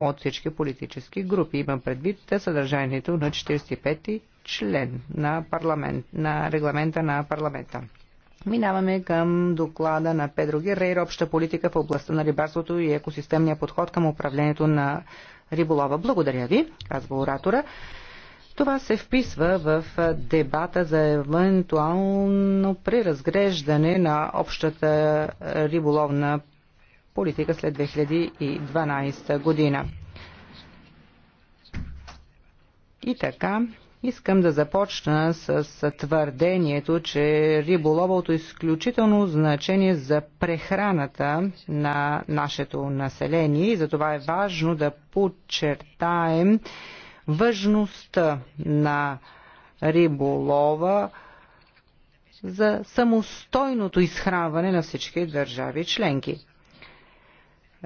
от всички политически групи. Имам предвид съдържанието на 45-ти член на, парламент, на регламента на парламента. Минаваме към доклада на Педро Герейро, обща политика в областта на рибарството и екосистемния подход към управлението на риболова. Благодаря ви, казва оратора. Това се вписва в дебата за евентуално преразгреждане на общата риболовна политика след 2012 година. И така, искам да започна с твърдението, че риболовото е изключително значение за прехраната на нашето население и затова е важно да подчертаем важността на риболова за самостойното изхранване на всички държави членки.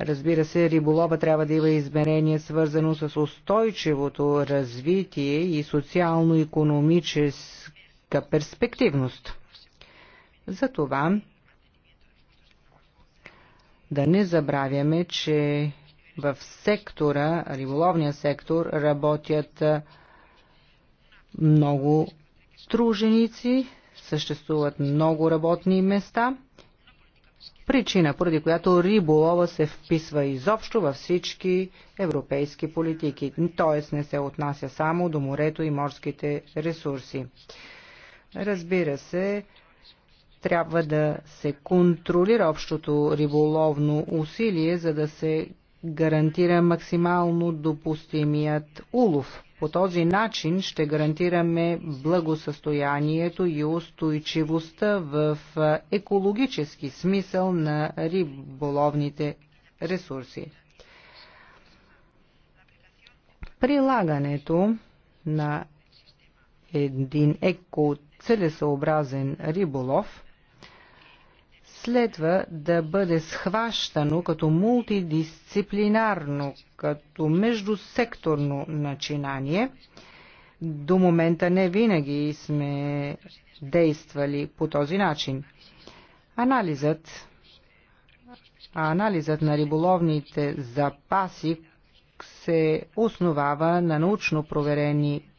Разбира се, риболова трябва да има измерение свързано с устойчивото развитие и социално-економическа перспективност. Затова да не забравяме, че в сектора, риболовния сектор, работят много труженици, съществуват много работни места – причина, поради която риболова се вписва изобщо във всички европейски политики, т.е. не се отнася само до морето и морските ресурси. Разбира се, трябва да се контролира общото риболовно усилие, за да се гарантира максимално допустимият улов. По този начин ще гарантираме благосъстоянието и устойчивостта в екологически смисъл на риболовните ресурси. Прилагането на един екоцелесообразен риболов – следва да бъде схващано като мултидисциплинарно, като междусекторно начинание. До момента не винаги сме действали по този начин. Анализът, анализът на риболовните запаси се основава на научно проверени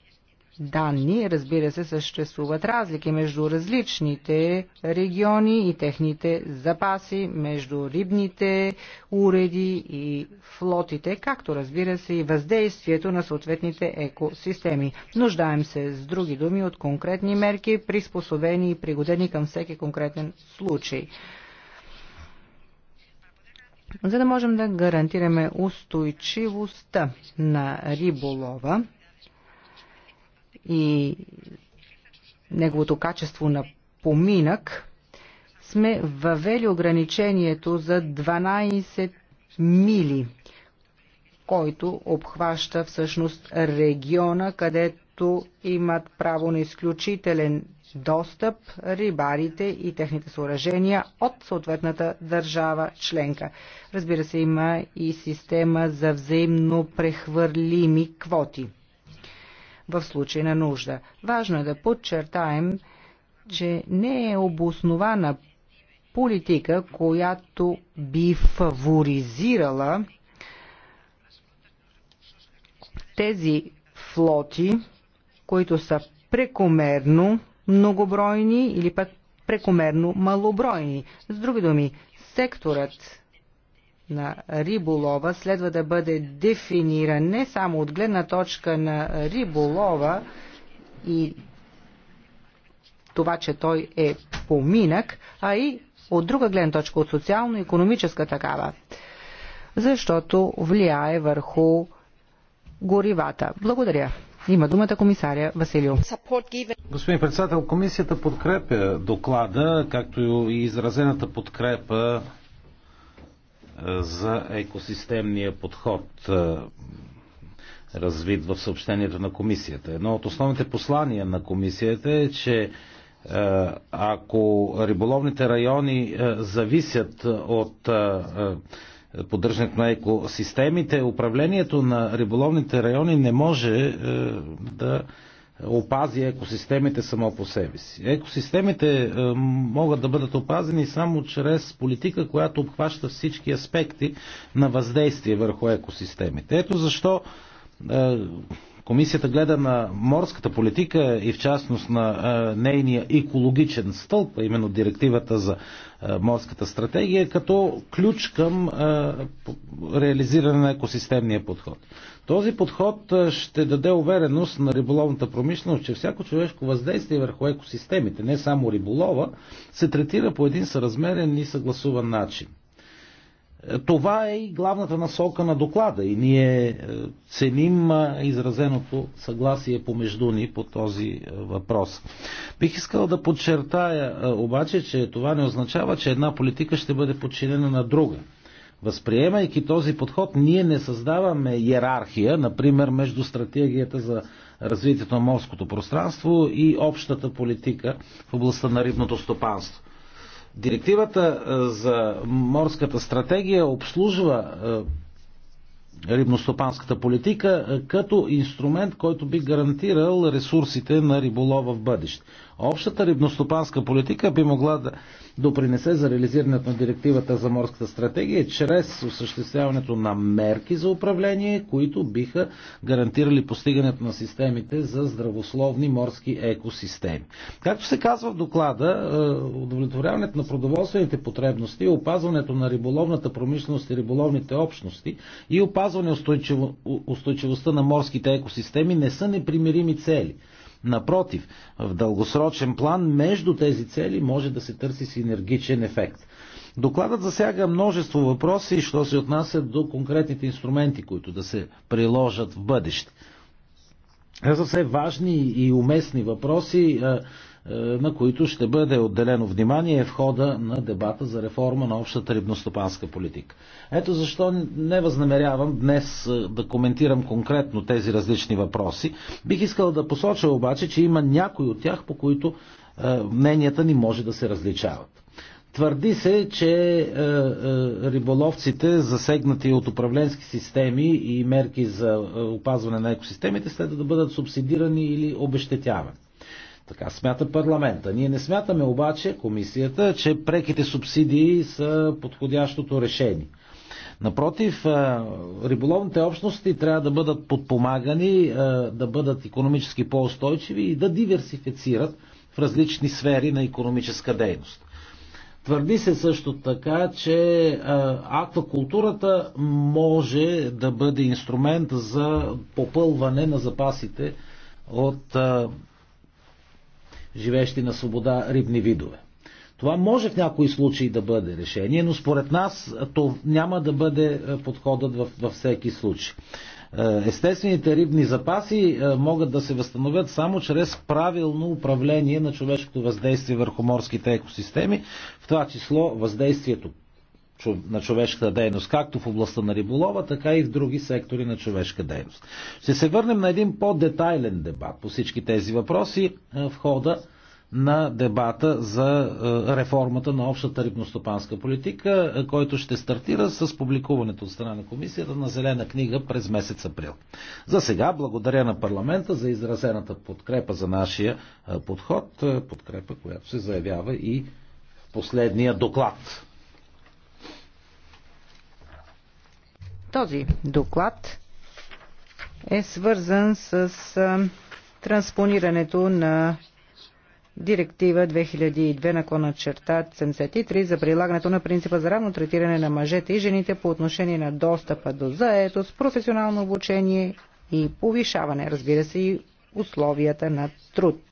данни. Разбира се, съществуват разлики между различните региони и техните запаси, между рибните уреди и флотите, както разбира се и въздействието на съответните екосистеми. Нуждаем се, с други думи, от конкретни мерки, приспособени и пригодени към всеки конкретен случай. За да можем да гарантираме устойчивостта на риболова, и неговото качество на поминък, сме въвели ограничението за 12 мили, който обхваща всъщност региона, където имат право на изключителен достъп рибарите и техните съоръжения от съответната държава членка. Разбира се, има и система за взаимно прехвърлими квоти в случай на нужда. Важно е да подчертаем, че не е обоснована политика, която би фаворизирала тези флоти, които са прекомерно многобройни или пък прекомерно малобройни. С други думи, секторът на риболова следва да бъде дефиниран не само от гледна точка на риболова и това, че той е поминък, а и от друга гледна точка, от социално-економическа такава, защото влияе върху горивата. Благодаря. Има думата комисаря Василио. Господин председател, комисията подкрепя доклада, както и изразената подкрепа за екосистемния подход, е, развит в съобщението на комисията. Едно от основните послания на комисията е, че е, ако риболовните райони е, зависят от поддържането на екосистемите, управлението на риболовните райони не може да опази екосистемите само по себе си. Екосистемите е, могат да бъдат опазени само чрез политика, която обхваща всички аспекти на въздействие върху екосистемите. Ето защо е, Комисията гледа на морската политика и в частност на е, нейния екологичен стълб, а именно директивата за е, морската стратегия, като ключ към е, реализиране на екосистемния подход. Този подход ще даде увереност на риболовната промишленост, че всяко човешко въздействие върху екосистемите, не само риболова, се третира по един съразмерен и съгласуван начин. Това е и главната насока на доклада и ние е, ценим е, изразеното съгласие помежду ни по този е, въпрос. Бих искал да подчертая обаче, че това не означава, че една политика ще бъде подчинена на друга. Възприемайки този подход, ние не създаваме иерархия, например, между стратегията за развитието на морското пространство и общата политика в областта на рибното стопанство. Директивата е, за морската стратегия обслужва е, рибностопанската политика е, като инструмент, който би гарантирал ресурсите на риболова в бъдеще. Общата рибностопанска политика би могла да допринесе за реализирането на директивата за морската стратегия чрез осъществяването на мерки за управление, които биха гарантирали постигането на системите за здравословни морски екосистеми. Както се казва в доклада, е, удовлетворяването на продоволствените потребности, опазването на риболовната промишленост и риболовните общности и опазване устойчивостта на морските екосистеми не са непримирими цели. Напротив, в дългосрочен план между тези цели може да се търси синергичен ефект. Докладът засяга множество въпроси, що се отнася до конкретните инструменти, които да се приложат в бъдеще. Това е, са все важни и уместни въпроси, е, е, на които ще бъде отделено внимание в хода на дебата за реформа на общата рибностопанска политика. Ето защо не възнамерявам днес да коментирам конкретно тези различни въпроси. Бих искал да посоча обаче, че има някои от тях, по които мненията ни може да се различават. Твърди се, че е, е, риболовците, засегнати от управленски системи и мерки за е, опазване на екосистемите, следва да бъдат субсидирани или обещетявани. Така смята парламента. Ние не смятаме обаче комисията, че преките субсидии са подходящото решение. Напротив, е, риболовните общности трябва да бъдат подпомагани, е, да бъдат економически по-устойчиви и да диверсифицират в различни сфери на економическа дейност. Твърди се също така, че аквакултурата може да бъде инструмент за попълване на запасите от живещи на свобода рибни видове. Това може в някои случаи да бъде решение, но според нас то няма да бъде подходът във всеки случай. Е, естествените рибни запаси е, могат да се възстановят само чрез правилно управление на човешкото въздействие върху морските екосистеми, в това число въздействието на човешката дейност, както в областта на риболова, така и в други сектори на човешка дейност. Ще се върнем на един по-детайлен дебат по всички тези въпроси е, в хода на дебата за е, реформата на общата рибностопанска политика, е, който ще стартира с публикуването от страна на комисията на Зелена книга през месец април. За сега благодаря на парламента за изразената подкрепа за нашия е, подход, подкрепа, която се заявява и в последния доклад. Този доклад е свързан с транспонирането на Директива 2002 наклона черта 73 за прилагането на принципа за равно третиране на мъжете и жените по отношение на достъпа до заетост, професионално обучение и повишаване, разбира се, и условията на труд.